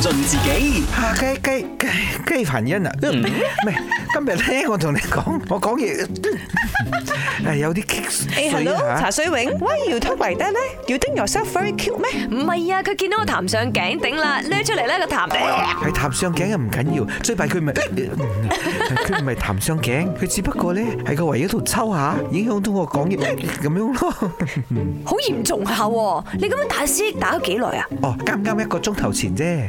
盡自己啊機機機機朋欣啊，唔係今日咧，我同你講，我講嘢係有啲，誒，hello，茶水永，why you talk like that 咧？You think yourself very cute 咩？唔係啊，佢見到我彈上頸頂啦，咧出嚟咧個彈，係彈上頸啊，唔緊要，最弊佢咪佢唔係彈上頸，佢只不過咧係個圍度抽吓，影響到我講嘢咁樣咯，好嚴重下，你咁樣大師打咗幾耐啊？哦，啱啱一個鐘頭前啫。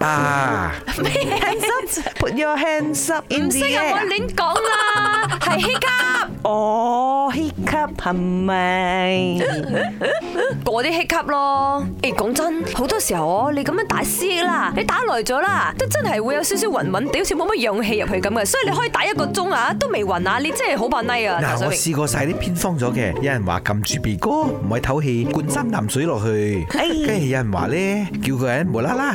the 啊咩 Hands up! Put your hands up in the air! 唔識入，我好亂講啦！係吸吸！哦，吸吸係咪？嗰啲吸吸咯！誒，講真，好多時候哦，你咁樣打 C 啦，你打耐咗啦，都真係會有少少暈暈哋，好似冇乜氧氣入去咁嘅，所以你可以打一個鐘啊，都未暈啊，你真係好把 Nice 啊！嗱，我試過晒啲偏方咗嘅，有人話撳住鼻哥，唔係透氣，灌三啖水落去。跟住、哎、 有人話咧，叫個人無啦啦。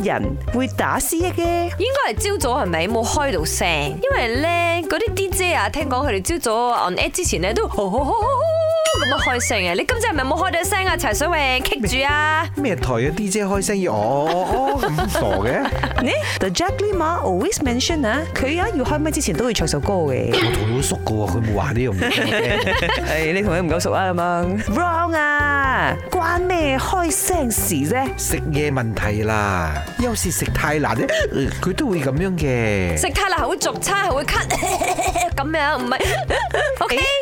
人會打思噎嘅，應該係朝早係咪冇開到聲？因為咧，嗰啲 DJ 啊，聽講佢哋朝早 on air 之前咧，都好好好。咁樣開聲啊！你今次係咪冇開到聲啊？齊水泳 keep 住啊！咩台啊？DJ 開聲要哦，我、oh, 咁、oh, 傻嘅？The Jacklyn always mention 啊，佢啊要開咩之前都會唱首歌嘅。我同你, 你熟噶，佢冇話呢樣嘢係你同佢唔夠熟啊？咁樣 wrong 啊！關咩開聲事啫？食嘢問題啦，有時食太辣咧，佢都會咁樣嘅。食太辣好俗，差會咳。咁樣唔係 OK。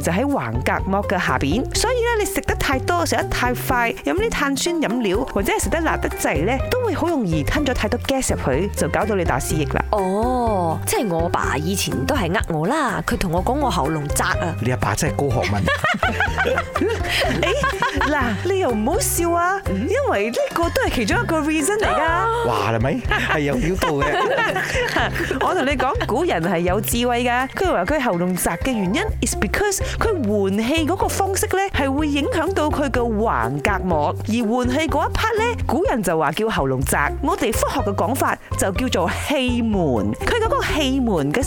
就喺橫膈膜嘅下邊，所以咧你食得太多、食得太快、飲啲碳酸飲料或者係食得辣得滯咧，都會好容易吞咗太多 gas 入去，就搞到你打思噎啦。哦，即係我爸以前都係呃我啦，佢同我講我喉嚨窄啊。你阿爸真係高學問。誒，嗱，你又唔好笑啊，因為呢個都係其中一個 reason 嚟噶。話啦咪，係有表度嘅。我同你講，古人係有智慧噶，佢話佢喉嚨窄嘅原因 is 佢換氣嗰個方式咧，係會影響到佢嘅橫膈膜，而換氣嗰一 part 咧，古人就話叫喉嚨窄，我哋科學嘅講法就叫做氣門，佢嗰個氣門嘅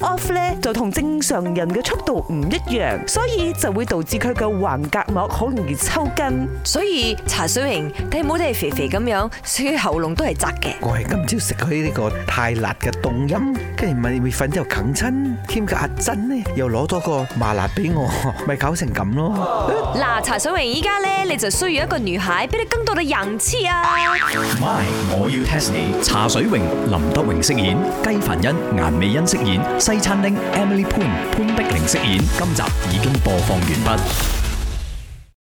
off 咧，就同正常人嘅速度唔一樣，所以就會導致佢嘅橫膈膜好容易抽筋。所以茶水榮你唔好睇肥肥咁樣，所以喉嚨都係窄嘅。我係今朝食佢呢個太辣嘅凍飲，跟住咪麵粉又啃親，兼夾阿珍咧又攞多個麻辣俾我，咪搞成咁咯。嗱，茶水榮依家咧，你就需要一個女孩俾你更多嘅人氣啊！My，我要 test 你。茶水榮，林德榮飾演，雞凡欣、顏美欣飾演。西餐廳，Emily Poon 潘潘碧玲飾演，今集已經播放完畢。